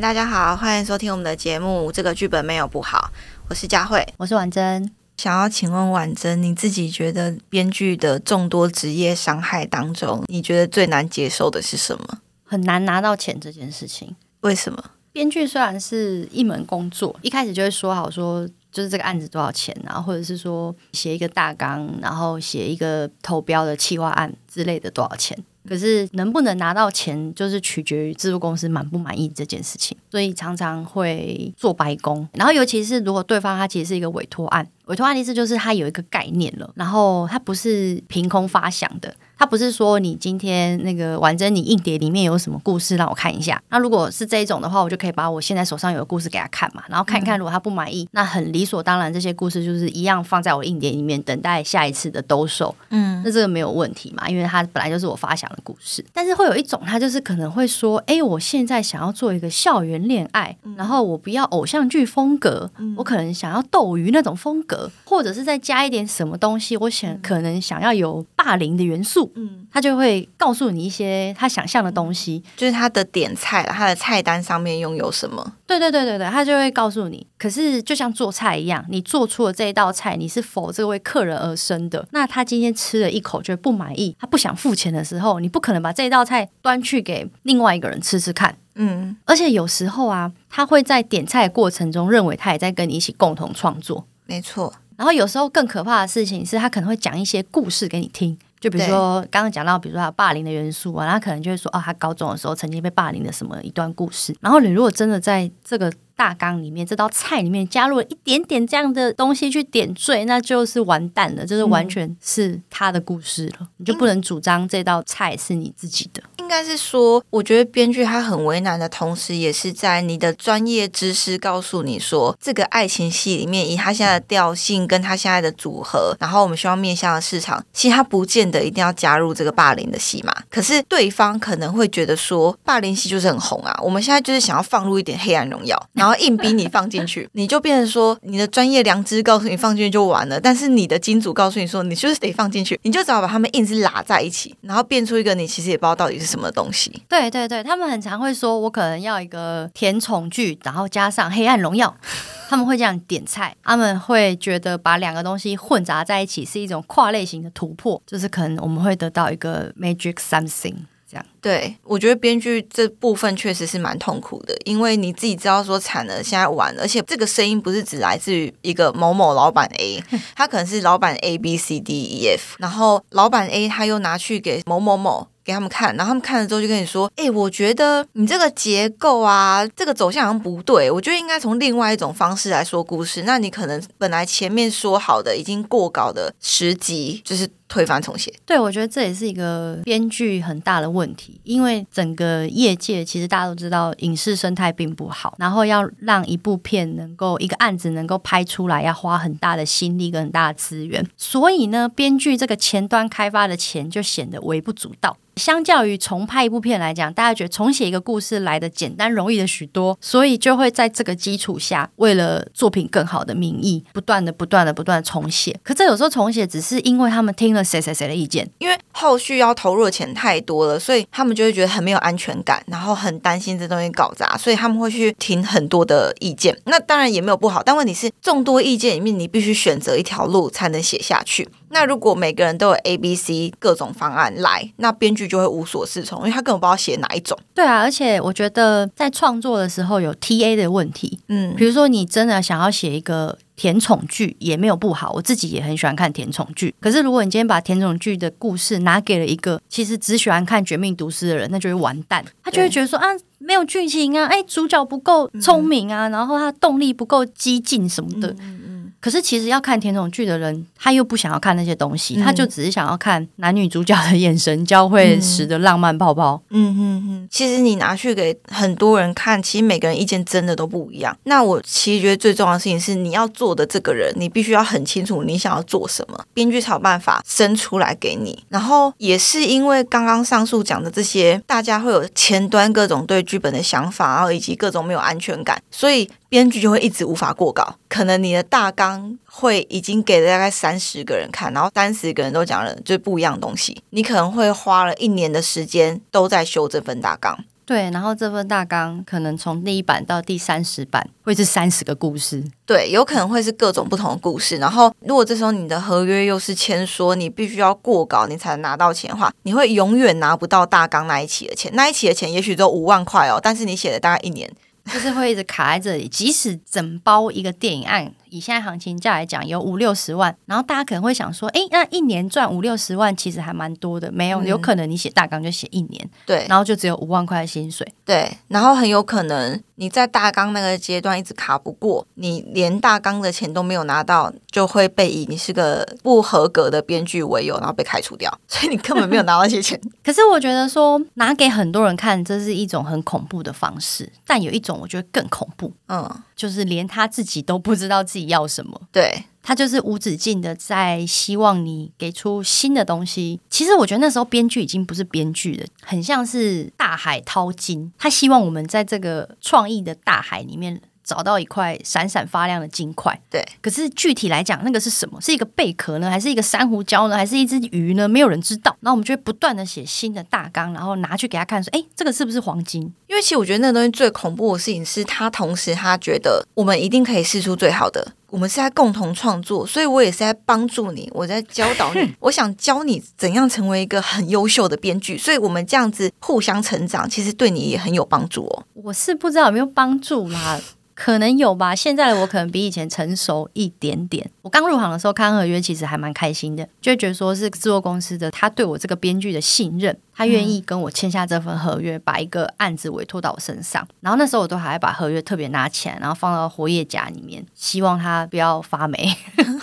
大家好，歡迎收聽我們的節目。這個劇本沒有不好，我是佳慧，我是婉珍。想要請問婉珍，你自己覺得編劇的眾多職業傷害當中，你覺得最難接受的是什麼？很難拿到錢這件事情。為什麼？編劇雖然是一門工作，一開始就會說好說，就是這個案子多少錢，然後啊，或者是說寫一個大綱，然後寫一個投標的企劃案之類的，多少錢？可是能不能拿到錢，就是取決於製作公司滿不滿意這件事情，所以常常會做白工。然後，尤其是如果對方他其實是一個委托案。委託案例是就是他有一個概念了，然後他不是憑空發想的，他不是說你今天那個完整你硬碟裡面有什麼故事讓我看一下，那如果是這一種的話，我就可以把我現在手上有的故事給他看嘛，然後看一看，如果他不滿意，嗯、那很理所當然這些故事就是一樣放在我硬碟裡面等待下一次的兜售，嗯，那這個沒有問題嘛，因為他本來就是我發想的故事，但是會有一種他就是可能會說，哎，我現在想要做一個校園戀愛，然後我不要偶像劇風格，我可能想要鬥魚那種風格。或者是再加一點什麼東西，我想、嗯、可能想要有霸凌的元素，嗯，他就會告訴你一些他想象的東西，就是他的點菜了，他的菜單上面擁有什麼？對對對對對，他就會告訴你。可是就像做菜一樣，你做出了這一道菜，你是為這位客人而生的？那他今天吃了一口就不滿意，他不想付錢的時候，你不可能把這道菜端去給另外一個人吃吃看，嗯。而且有時候啊，他會在點菜的過程中認為他也在跟你一起共同創作。沒錯，然後有時候更可怕的事情是，他可能會講一些故事給你聽，就比如說剛剛講到，比如說他霸凌的元素啊，他可能就會說，哦，他高中的時候曾經被霸凌的什麼的一段故事。然後你如果真的在這個大綱裡面，這道菜裡面加入了一點點這樣的東西去點綴，那就是完蛋了，就是完全是他的故事了，嗯，你就不能主張這道菜是你自己的。應該是說，我覺得編劇他很為難的同時，也是在你的專業知識告訴你說，這個愛情戲裡面以他現在的調性跟他現在的組合，然後我們需要面向的市場，其實他不見得一定要加入這個霸凌的戲碼。可是對方可能會覺得說，霸凌戲就是很紅啊，我們現在就是想要放入一點黑暗榮耀，然後硬逼你放進去，你就變成說，你的專業良知告訴你放進去就完了，但是你的金主告訴你說，你就是得放進去，你就只好把他們硬是拉在一起，然後變出一個你其實也不知道到底是什麼。什麼東西？對對對，他們很常會說，我可能要一個甜寵劇，然後加上黑暗榮耀， 他們會這樣點菜。他們會覺得把兩個東西混雜在一起是一種跨類型的突破，就是可能我們會得到一個 magic something 這樣。對，我覺得編劇這部分確實是蠻痛苦的，因為你自己知道說慘了，現在完了，而且這個聲音不是只來自於一個某某老板 A， 他可能是老板 A B C D E F，然後老板 A 他又拿去給某某某某。給他們看，然後他們看了之後就跟你說：“誒、欸，我覺得你這個結構啊，這個走向好像不對，我覺得應該從另外一種方式來說故事。那你可能本來前面說好的已經過稿的十集，就是。”推翻重寫，對，我覺得這也是一個編劇很大的問題，因為整個業界其實大家都知道影視生態並不好，然後要讓一部片能夠一個案子能夠拍出來，要花很大的心力跟很大的資源，所以呢，編劇這個前端開發的錢就顯得微不足道。相較於重拍一部片來講，大家覺得重寫一個故事來的簡單容易的許多，所以就會在這個基礎下，為了作品更好的名義，不斷的不斷的不斷的，不斷的重寫。可這有時候重寫只是因為他們聽了。誰誰誰的意見，因為後續要投入的錢太多了，所以他們就會覺得很沒有安全感，然後很擔心這東西搞砸，所以他們會去聽很多的意見。那當然也沒有不好，但問題是眾多意見裡面，你必須選擇一條路才能寫下去。那如果每個人都有 A、B、C 各種方案來，那編劇就會無所適從，因為他根本不知道寫哪一種。對啊，而且我覺得在創作的時候有 TA 的問題，嗯，比如說你真的想要寫一個甜寵劇，也沒有不好，我自己也很喜歡看甜寵劇。可是如果你今天把甜寵劇的故事拿給了一個其實只喜歡看《絕命毒師》的人，那就會完蛋，對他就會覺得說啊，沒有劇情啊，哎，主角不夠聰明啊，嗯、然後他動力不夠激進什麼的。嗯可是其實要看甜寵劇的人，他又不想要看那些東西，嗯、他就只是想要看男女主角的眼神交匯時的浪漫泡泡。嗯,嗯哼哼，其實你拿去給很多人看，其實每個人意見真的都不一樣。那我其實覺得最重要的事情是，你要做的這個人，你必須要很清楚你想要做什麼。編劇才有辦法生出來給你。然後也是因為剛剛上述講的這些，大家會有前端各種對劇本的想法，然後以及各種沒有安全感，所以。編劇就會一直無法過稿，可能你的大綱會已經給了大概三十個人看，然後三十個人都講了最不一樣的東西，你可能會花了一年的時間都在修這份大綱。對，然後這份大綱可能從第一版到第三十版會是三十個故事。對，有可能會是各種不同的故事。然後如果這時候你的合約又是簽說你必須要過稿你才能拿到錢的話，你會永遠拿不到大綱那一期的錢，那一期的錢也許都五萬塊哦，但是你寫了大概一年。 就是會一直卡在這裡，即使整包一個電影案。以現在行情價來講，有五六十萬，然後大家可能會想說，哎、欸，那一年賺五六十萬，其實還蠻多的。沒有，有可能你寫大綱就寫一年，對，嗯、然後就只有五萬塊的薪水，對，然後很有可能你在大綱那個階段一直卡不過，你連大綱的錢都沒有拿到，就會被以你是個不合格的編劇為由，然後被開除掉，所以你根本沒有拿到這些錢。 可是我覺得說拿給很多人看，這是一種很恐怖的方式，但有一種我覺得更恐怖，嗯，就是連他自己都不知道自己。你要什麼？對，他就是無止境的在希望你給出新的東西。其實我覺得那時候編劇已經不是編劇了，很像是大海淘金，他希望我們在這個創意的大海裡面。找到一塊閃閃發亮的金塊，對。可是具體來講，那個是什麼？是一個貝殼呢，還是一個珊瑚礁呢，還是一隻魚呢？沒有人知道。那我們就會不斷的寫新的大綱，然後拿去給他看，說：哎、欸，這個是不是黃金？因為其實我覺得那個東西最恐怖的事情是，他同時他覺得我們一定可以試出最好的。我們是在共同創作，所以我也是在幫助你，我在教導你。 我想教你怎樣成為一個很優秀的編劇，所以我們這樣子互相成長，其實對你也很有幫助哦、喔。我是不知道有沒有幫助啦。 可能有吧，現在的我可能比以前成熟一點點。我剛入行的時候看合約，其實還蠻開心的，就覺得說是制作公司的他對我這個編劇的信任，他願意跟我簽下這份合約，把一個案子委託到我身上。然後那時候我都還把合約特別拿起來，然後放到活頁夾裡面，希望他不要發黴。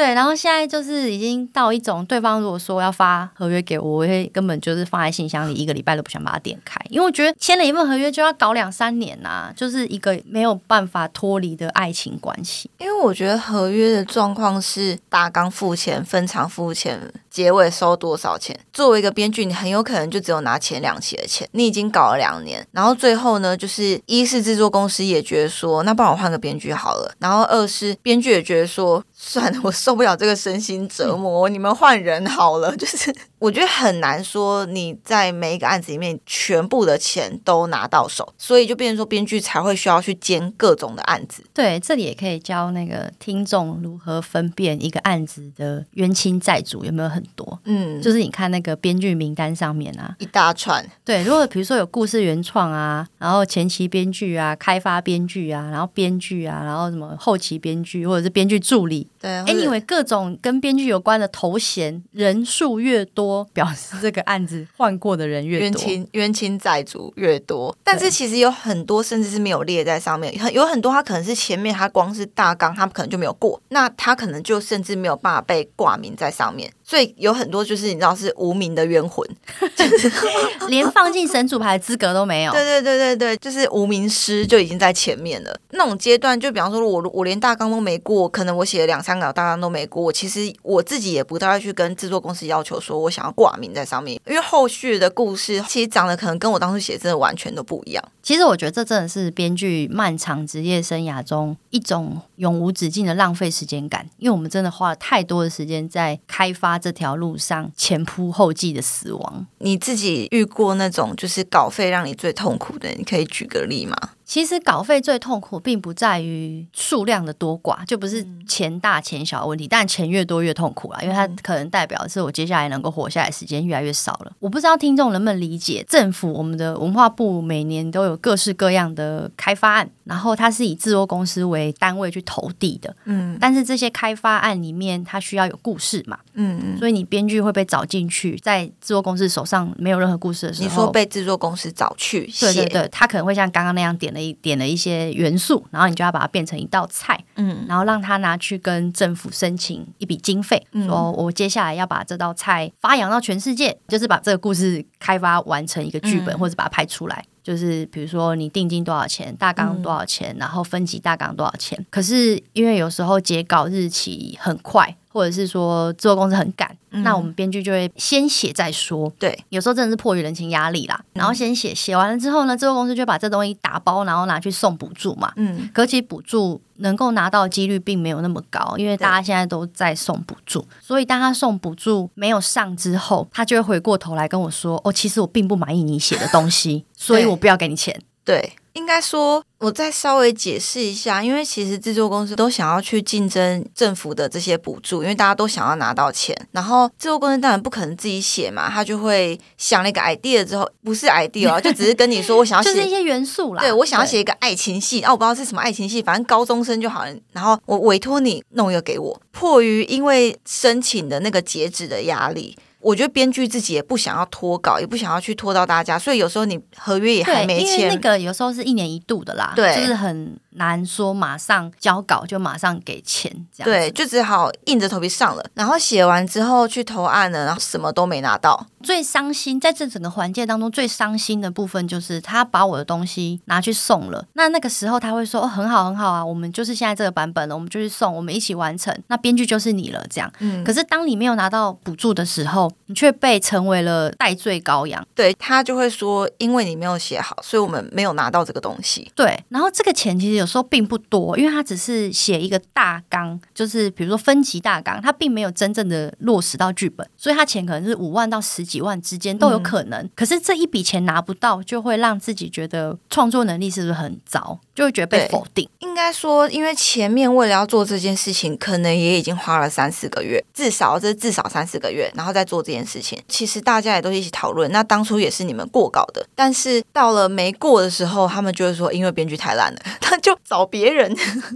對，然後現在就是已經到一種，對方如果說要發合約給我，我會根本就是放在信箱裡，一個禮拜都不想把它點開，因為我覺得簽了一份合約就要搞兩三年吶、啊，就是一個沒有辦法脫離的愛情關係。因為我覺得合約的狀況是大綱付錢，分場付錢。結尾收多少錢？作為一個編劇，你很有可能就只有拿前兩期的錢。你已經搞了兩年，然後最後呢，就是一是制作公司也覺得說，那幫我換個編劇好了；然後二是編劇也覺得說，算了，我受不了這個身心折磨，嗯、你們換人好了，就是。我覺得很難說你在每一個案子裡面全部的錢都拿到手，所以就變成說，編劇才會需要去兼各種的案子。對，這裡也可以教那個聽眾如何分辨一個案子的冤親債主有沒有很多。嗯，就是你看那個編劇名單上面啊，一大串。對，如果比如說有故事原創啊，然後前期編劇啊，開發編劇啊，然後編劇啊，然後什麼後期編劇或者是編劇助理，對啊，anyway 各種跟編劇有關的頭銜人數越多。表示這個案子換過的人越多，冤親冤親債主越多，但是其實有很多甚至是沒有列在上面，很有很多他可能是前面他光是大綱他可能就沒有過，那他可能就甚至沒有辦法被掛名在上面，所以有很多就是你知道是無名的冤魂， 連放進神主牌的資格都沒有。 對對對對對，就是無名師就已經在前面了，那種階段就比方說我我連大綱都沒過，可能我寫了兩三個大綱都沒過，我其實我自己也不太會去跟制作公司要求說我想。然後掛名在上面，因為後續的故事其實講的可能跟我當初寫真的完全都不一樣。其實我覺得這真的是編劇漫長職業生涯中一種永無止境的浪費時間感，因為我們真的花了太多的時間在開發這條路上前仆後繼的死亡。你自己遇過那種就是稿費讓你最痛苦的，你可以舉個例嗎？其實稿費最痛苦，並不在於數量的多寡，就不是錢大錢小的問題，嗯、但錢越多越痛苦啦，因為它可能代表的是我接下來能夠活下來的時間越來越少了。嗯、我不知道聽眾能不能理解，政府我們的文化部每年都有各式各樣的開發案，然後它是以制作公司為單位去投遞的，嗯，但是這些開發案裡面，它需要有故事嘛，嗯嗯，所以你編劇會被找進去，在制作公司手上沒有任何故事的時候，你說被制作公司找去寫，對，對對，他可能會像剛剛那樣點的。點了一些元素，然後你就要把它變成一道菜，嗯，然後讓他拿去跟政府申請一筆經費，嗯、說我接下來要把這道菜發揚到全世界，就是把這個故事開發完成一個劇本，嗯、或者把它拍出來，就是比如說你定金多少錢，大綱多少錢，嗯、然後分級大綱多少錢。可是因為有時候截稿日期很快。或者是說製作公司很趕，嗯、那我們編劇就會先寫再說。對，有時候真的是迫於人情壓力啦，然後先寫，寫完了之後呢，製作公司就把這東西打包，然後拿去送補助嘛。嗯，可其實補助能夠拿到的幾率並沒有那麼高，因為大家現在都在送補助。對所以當他送補助沒有上之後，他就會回過頭來跟我說：“哦，其實我並不滿意你寫的東西， 所以我不要給你錢。對”對。應該說，我再稍微解釋一下，因為其實製作公司都想要去競爭政府的這些補助，因為大家都想要拿到錢。然後製作公司當然不可能自己寫嘛，他就會想那個 idea 之後，不是 idea 啊，就只是跟你說我想要寫 就是一些元素啦，對，我想要寫一個愛情戲，啊對、哦，我不知道是什麼愛情戲，反正高中生就好，然後我委託你弄一個給我，迫於因為申請的那個截止的壓力。我覺得編劇自己也不想要拖稿，也不想要去拖到大家，所以有時候你合約也還沒簽，因為那個有時候是一年一度的啦，對就是很。難說，馬上交稿就馬上給錢，這樣對，就只好硬着頭皮上了。然後寫完之後去投案了，然後什麼都沒拿到。最傷心在這整個環節當中，最傷心的部分就是他把我的東西拿去送了。那那個時候他會說：“哦，很好，很好啊，我們就是現在這個版本了，我們就去送，我們一起完成。”那編劇就是你了，這樣。嗯。可是當你沒有拿到補助的時候，你卻被成為了代罪羔羊。對，他就會說：“因為你沒有寫好，所以我們沒有拿到這個東西。”對。然後這個錢其實。有時候並不多，因為他只是寫一個大綱，就是比如說分級大綱，他並沒有真正的落實到劇本，所以他錢可能是五萬到十幾萬之間都有可能。嗯，可是這一筆錢拿不到，就會讓自己覺得創作能力是不是很糟。就會覺得被否定，應該說，因為前面為了要做這件事情，可能也已經花了三四個月，至少這是至少三四個月，然後再做這件事情。其實大家也都一起討論，那當初也是你們過稿的，但是到了沒過的時候，他們就會說，因為編劇太爛了，他就找別人。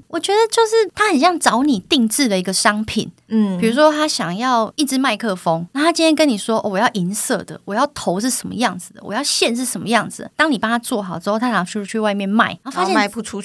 我覺得就是他很像找你定制的一個商品，嗯，比如說他想要一支麥克風，那他今天跟你說，哦，我要銀色的，我要頭是什麼樣子的，我要線是什麼樣子的。當你幫他做好之後，他想出去，去外面賣，他發現。Oh 賣不出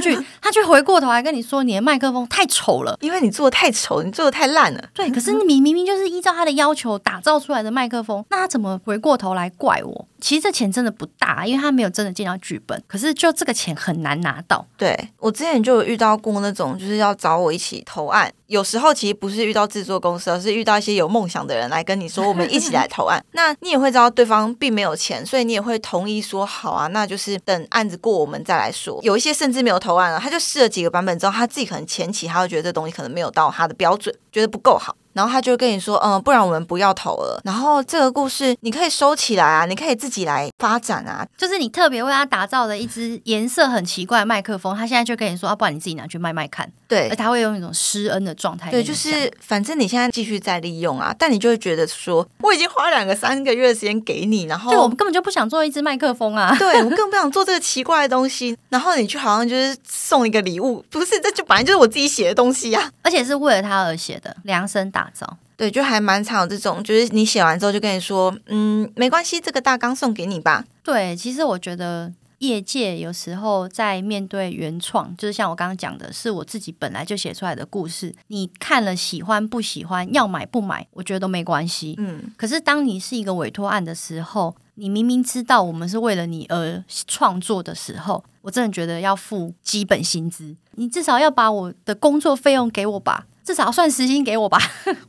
去， 他卻回過頭來跟你說，你的麥克風太醜了，因為你做的太醜，你做的太爛了。對，可是你明明就是依照他的要求打造出來的麥克風，那他怎麼回過頭來怪我？其實這錢真的不大，因為他沒有真的見到劇本，可是就這個錢很難拿到。對，我之前就有遇到過那種，就是要找我一起投案。有時候其實不是遇到製作公司，而是遇到一些有夢想的人來跟你說，我們一起來投案。 那你也會知道對方並沒有錢，所以你也會同意說好啊，那就是等案子過我們再來說。有一些甚至沒有投案了，他就試了幾個版本之後，他自己可能前期他會覺得這東西可能沒有到他的標準，覺得不夠好。然後他就跟你說，嗯，不然我們不要投了。然後這個故事你可以收起來啊，你可以自己來發展啊，就是你特別為他打造的一支顏色很奇怪的麥克風，他現在就跟你說，要、啊、不然你自己拿去賣賣看。對，而他會用一種施恩的狀態。對，就是反正你現在繼續再利用啊，但你就會覺得說，我已經花兩個三個月的時間給你，然後，對我們根本就不想做一支麥克風啊， 對我們更不想做這個奇怪的東西。然後你就好像就是送一個禮物，不是？這就本來就是我自己寫的東西啊，而且是為了他而寫的，量身打。對，就還蠻常有這種，就是你寫完之後就跟你說，嗯，沒關係，這個大綱送給你吧。對，其實我覺得業界有時候在面對原創，就是像我剛剛講的，是我自己本來就寫出來的故事，你看了喜歡不喜歡，要買不買，我覺得都沒關係。嗯。可是當你是一個委託案的時候，你明明知道我們是為了你而創作的時候，我真的覺得要付基本薪資，你至少要把我的工作費用給我吧。至少算時薪給我吧。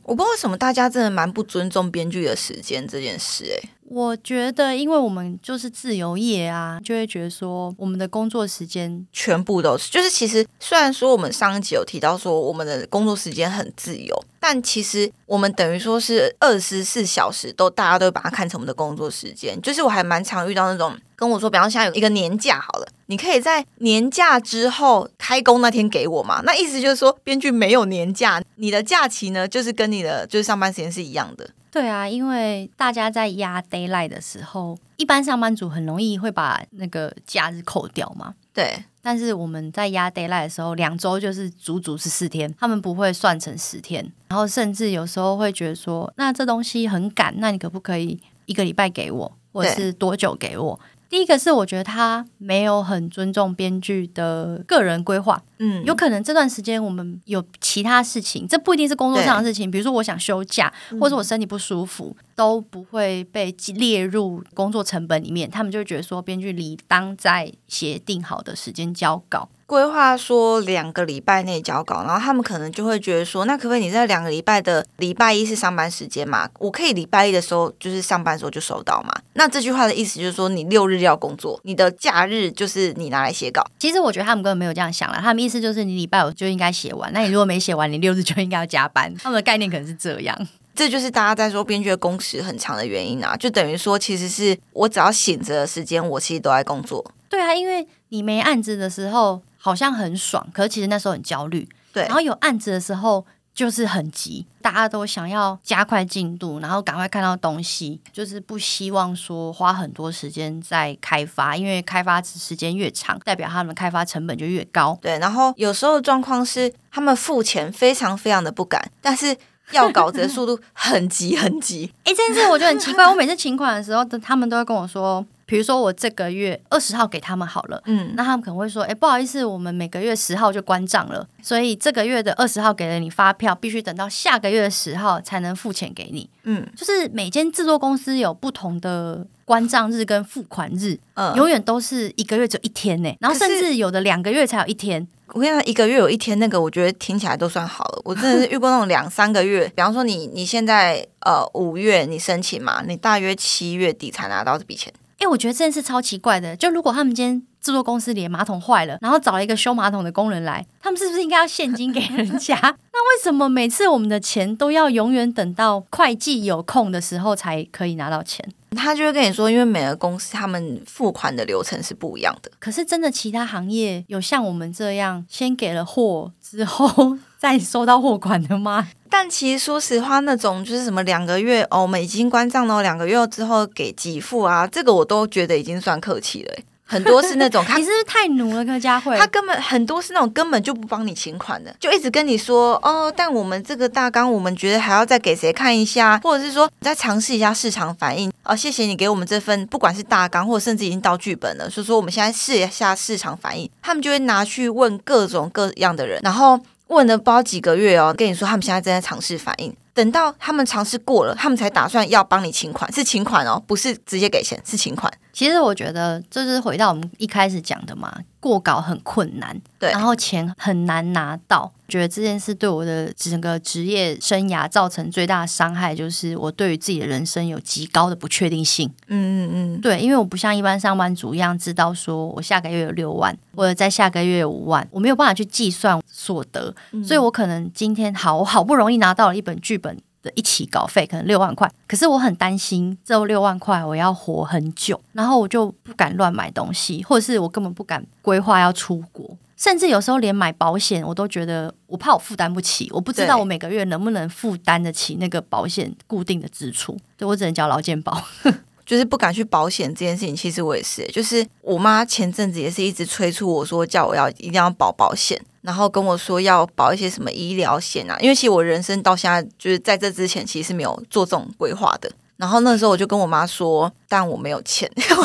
我不知道為什麼大家真的蠻不尊重編劇的時間這件事，誒。我覺得，因為我們就是自由業啊，就會覺得說我們的工作時間全部都是，就是其實雖然說我們上一集有提到說我們的工作時間很自由，但其實我們等於說是二十四小時都大家都會把它看成我們的工作時間。就是我還蠻常遇到那種跟我說，比方現在有一個年假好了，你可以在年假之後開工那天給我嗎？那意思就是說，編劇沒有年假，你的假期呢就是跟你的就是上班時間是一樣的。對啊，因為大家在壓 deadline 的時候，一般上班族很容易會把那個假日扣掉嘛。對，但是我們在壓 deadline 的時候，兩周就是足足十四天，他們不會算成十天，然後甚至有時候會覺得說，那這東西很趕，那你可不可以一個禮拜給我，或是多久給我？第一個是我覺得他沒有很尊重編劇的個人規劃，嗯，有可能這段時間我們有其他事情，這不一定是工作上的事情，對比如說我想休假，或者我身體不舒服，嗯、都不會被列入工作成本裡面，他們就會覺得說編劇理當在協定好的時間交稿。規劃說兩個禮拜內交稿，然後他們可能就會覺得說，那可不可以你在兩個禮拜的禮拜一是上班時間嘛？我可以禮拜一的時候就是上班的時候就收到嘛？那這句話的意思就是說，你六日要工作，你的假日就是你拿來寫稿。其實我覺得他們根本沒有這樣想啦，他們意思就是你禮拜五就應該寫完，那你如果沒寫完，你六日就應該要加班。他們的概念可能是這樣，這就是大家在說編劇的工時很長的原因啊，就等於說其實是我只要醒着的時間，我其實都在工作。對啊，因為你沒案子的時候，好像很爽，可是其實那時候很焦慮。對，然後有案子的時候就是很急，大家都想要加快進度，然後趕快看到東西，就是不希望說花很多時間在開發，因為開發時間越長，代表他們開發成本就越高。對，然後有時候的狀況是他們付錢非常非常的不敢，但是要稿子的速度很急很急。哎、 欸，真是我覺得很奇怪， 我每次請款的時候，他們都會跟我說。比如說我這個月二十號給他們好了，嗯，那他們可能會說，哎、欸，不好意思，我們每個月十號就關賬了，所以這個月的二十號給了你發票，必須等到下個月的十號才能付錢給你，嗯，就是每間制作公司有不同的關賬日跟付款日，嗯，永遠都是一個月就一天呢，是然後甚至有的兩個月才有一天。我跟你講，一個月有一天，那個我覺得聽起來都算好了。我真的是遇過那種兩三個月， 比方說你你現在呃五月你申請嘛，你大約七月底才拿到這筆錢。哎、欸，我覺得這件事超奇怪的。就如果他們今天制作公司裡的馬桶壞了，然後找一個修馬桶的工人來，他們是不是應該要現金給人家？ 那為什麼每次我們的錢都要永遠等到會計有空的時候才可以拿到錢？他就會跟你說，因為每個公司他們付款的流程是不一樣的。可是真的，其他行業有像我們這樣先給了貨之後？ 再收到貨款了嗎？但其實說實話，那種就是什麼兩個月哦，我們已經關賬了兩個月之後給給付啊，這個我都覺得已經算客氣了。很多是那種， 你是不是太奴了？柯佳慧，他根本很多是那種根本就不幫你請款的，就一直跟你說哦。但我們這個大綱，我們覺得還要再給誰看一下，或者是說再嘗試一下市場反應啊、哦。謝謝你給我們這份，不管是大綱或者甚至已經到劇本了，所以說我們現在試一下市場反應，他們就會拿去問各種各樣的人，然後。問了包幾個月哦，跟你說他們現在正在嘗試反應，等到他們嘗試過了，他們才打算要幫你請款，是請款哦，不是直接給錢，是請款。其實我覺得，就是回到我們一開始講的嘛，過稿很困難，對，然後錢很難拿到。覺得這件事對我的整個職業生涯造成最大的傷害，就是我對於自己的人生有極高的不確定性。嗯嗯嗯，對，因為我不像一般上班族一樣知道說我下個月有六萬，或者在下個月有五萬，我沒有辦法去計算所得，嗯、所以我可能今天好，我好不容易拿到了一本劇本。的一起稿費可能六萬塊，可是我很擔心這六萬塊我要活很久，然後我就不敢亂買東西，或者是我根本不敢規劃要出國，甚至有時候連買保險我都覺得我怕我負擔不起，我不知道我每個月能不能負擔得起那個保險固定的支出，所以對我只能交勞健保， 就是不敢去保險這件事情。其實我也是，就是我媽前陣子也是一直催促我說，叫我要一定要保保險。然後跟我說要保一些什麼醫療險啊，因為其實我人生到現在，就是在這之前，其實是沒有做這種規劃的。然後那時候我就跟我媽說。但我沒有錢，因為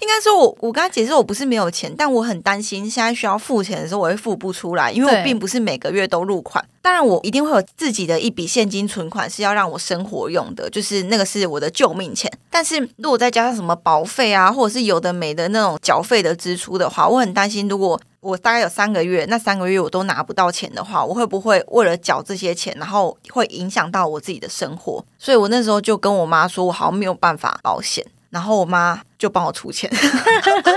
應該說，我我剛才解釋我不是沒有錢，但我很擔心現在需要付錢的時候我會付不出來，因為我並不是每個月都入款。當然我一定會有自己的一筆現金存款是要讓我生活用的，就是那個是我的救命錢。但是如果再加上什麼保費啊，或者是有的沒的那種繳費的支出的話，我很擔心，如果我大概有三個月，那三個月我都拿不到錢的話，我會不會為了繳這些錢，然後會影響到我自己的生活？所以我那時候就跟我媽說，我好像沒有辦法。保險，然後我媽就幫我出錢。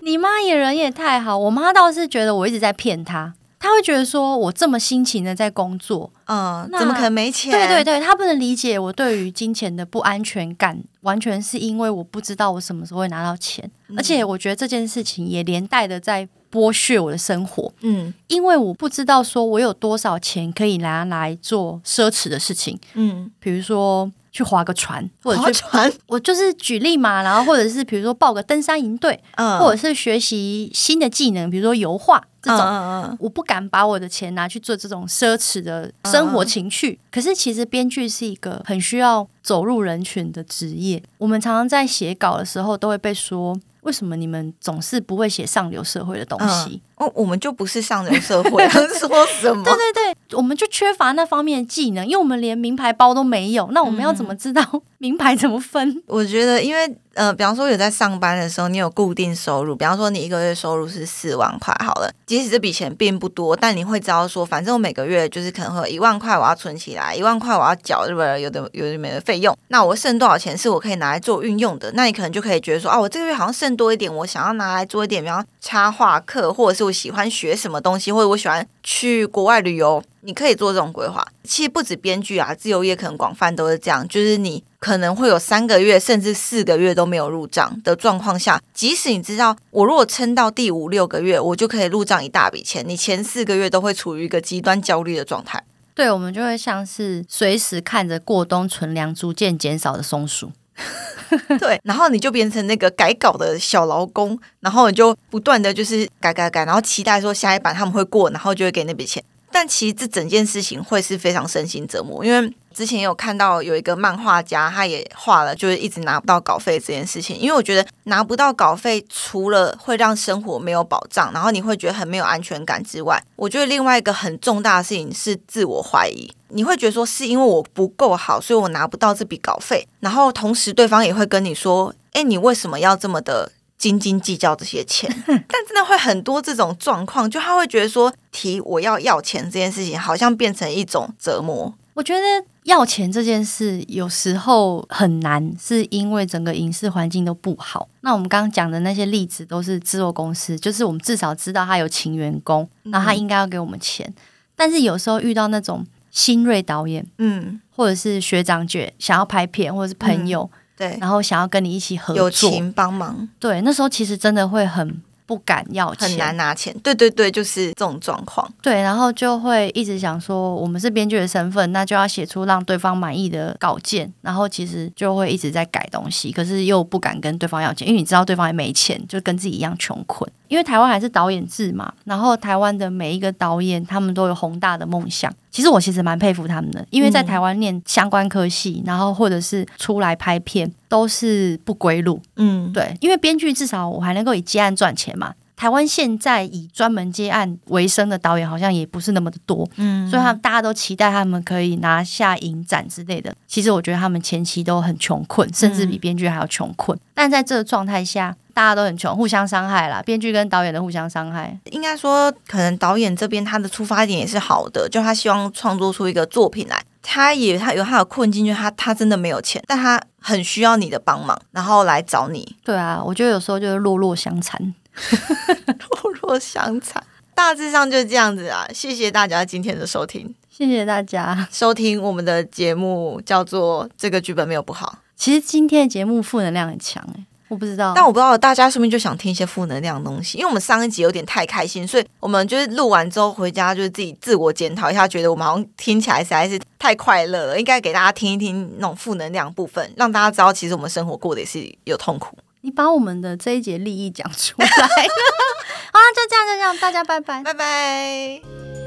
你媽也人也太好。我媽倒是覺得我一直在騙她，她會覺得說我這麼辛勤的在工作。嗯，那怎麼可能沒錢？對對對，他不能理解我對於金錢的不安全感，完全是因為我不知道我什麼時候會拿到錢，嗯、而且我覺得這件事情也連帶的在剝削我的生活。嗯，因為我不知道說我有多少錢可以拿來做奢侈的事情。嗯，比如說去划個船，或者去船。 我就是舉例嘛，然後或者是比如說報個登山營隊，嗯，或者是學習新的技能，比如說油畫這種。嗯嗯嗯，我不敢把我的錢拿去做這種奢侈的、嗯。生活情趣，可是其實編劇是一個很需要走入人群的職業。我們常常在寫稿的時候，都會被說：為什麼你們總是不會寫上流社會的東西？哦、嗯，我們就不是上流社會， 說什麼？對對對，我們就缺乏那方面的技能，因為我們連名牌包都沒有，那我們要怎麼知道？嗯名牌怎麼分？我覺得，因為呃，比方說有在上班的時候，你有固定收入，比方說你一個月收入是四萬塊，好了，即使這筆錢並不多，但你會知道說，反正我每個月就是可能會有一萬塊，我要存起來，一萬塊我要繳，是不是有的有的有的沒有的費用？那我剩多少錢是我可以拿來做運用的？那你可能就可以覺得說，哦，我這個月好像剩多一點，我想要拿來做一點，比方插畫課，或者是我喜歡學什麼東西，或者我喜歡。去國外旅遊，你可以做這種規劃。其實不止編劇啊，自由業可能廣泛都是這樣。就是你可能會有三個月甚至四個月都沒有入賬的狀況下，即使你知道我如果撐到第五六個月，我就可以入賬一大筆錢，你前四個月都會處於一個極端焦慮的狀態。對，我們就會像是隨時看着過冬存糧逐漸減少的松鼠。 對，然後你就變成那個改稿的小勞工，然後你就不斷的就是改改改，然後期待說下一版他們會過，然後就會給那筆錢。但其實這整件事情會是非常身心折磨，因為之前有看到有一個漫畫家，他也畫了，就是一直拿不到稿費這件事情。因為我覺得拿不到稿費，除了會讓生活沒有保障，然後你會覺得很沒有安全感之外，我覺得另外一個很重大的事情是自我懷疑。你會覺得說是因為我不夠好，所以我拿不到這筆稿費。然後同時對方也會跟你說，誒，你為什麼要這麼的？斤斤計較這些錢，但真的會很多這種狀況，就他會覺得說，提我要要錢這件事情，好像變成一種折磨。我覺得要錢這件事有時候很難，是因為整個影視環境都不好。那我們剛剛講的那些例子都是制作公司，就是我們至少知道他有請員工，嗯、然後他應該要給我們錢。但是有時候遇到那種新銳導演，嗯，或者是學長姐想要拍片，或者是朋友。嗯對，然後想要跟你一起合作，友情幫忙。對，那時候其實真的會很不敢要錢，很難拿錢。對對對，就是這種狀況。對，然後就會一直想說，我們是編劇的身份，那就要寫出讓對方滿意的稿件。然後其實就會一直在改東西，可是又不敢跟對方要錢，因為你知道對方也沒錢，就跟自己一樣窮困。因為台灣還是導演制嘛，然後台灣的每一個導演，他們都有宏大的夢想。其實我其實蠻佩服他們的，因為在台灣念相關科系，嗯、然後或者是出來拍片，都是不歸路。嗯，對，因為編劇至少我還能夠以接案賺錢嘛。台灣現在以專門接案為生的導演好像也不是那麼的多，嗯，所以他們大家都期待他們可以拿下影展之類的。其實我覺得他們前期都很窮困，甚至比編劇還要窮困。嗯、但在這個狀態下，大家都很窮，互相傷害啦。編劇跟導演的互相傷害，應該說可能導演這邊他的出發點也是好的，就他希望創作出一個作品來。他也有他有他的困境，就是、他他真的沒有錢，但他很需要你的幫忙，然後來找你。對啊，我覺得有時候就是弱弱相殘。 弱弱相殘，大致上就是這樣子啊。謝謝大家今天的收聽，謝謝大家收聽我們的節目，叫做《這個劇本沒有不好》。其實今天的節目負能量很強哎，我不知道，但我不知道大家是不是就想聽一些負能量的東西？因為我們上一集有點太開心，所以我們就是錄完之後回家就是自己自我檢討一下，覺得我們好像聽起來實在是太快樂了，應該給大家聽一聽那種負能量部分，讓大家知道其實我們生活過得也是有痛苦。你把我們的這一節利益，講出來好啦，。 就這樣，就這樣，大家拜拜，拜拜。